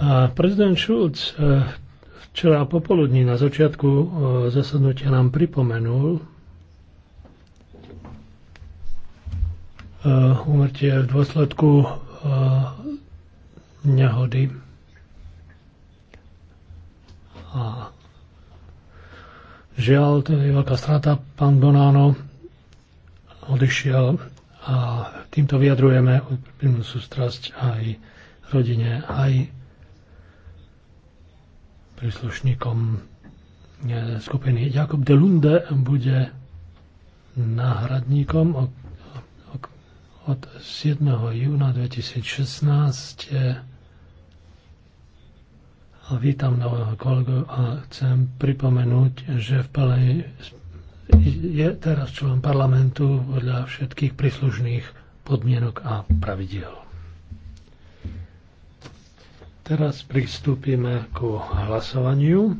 A prezident Schulz eh, včera popoludní na začiatku eh, zasadnutia nám pripomenul eh, umrtie v dôsledku nehody. A žiaľ, to je veľká strata. Pán Bonano odišiel a týmto vyjadrujeme úplnú sústrasť aj rodine, aj príslušníkom e, skupiny. Jakob de Lunde bude náhradníkom od 7. júna 2016 e, vítam nového kolegu a chcem pripomenúť, že v plnej je teraz člen parlamentu podľa všetkých príslušných podmienok a pravidel. Teraz pristúpime ku hlasovaniu.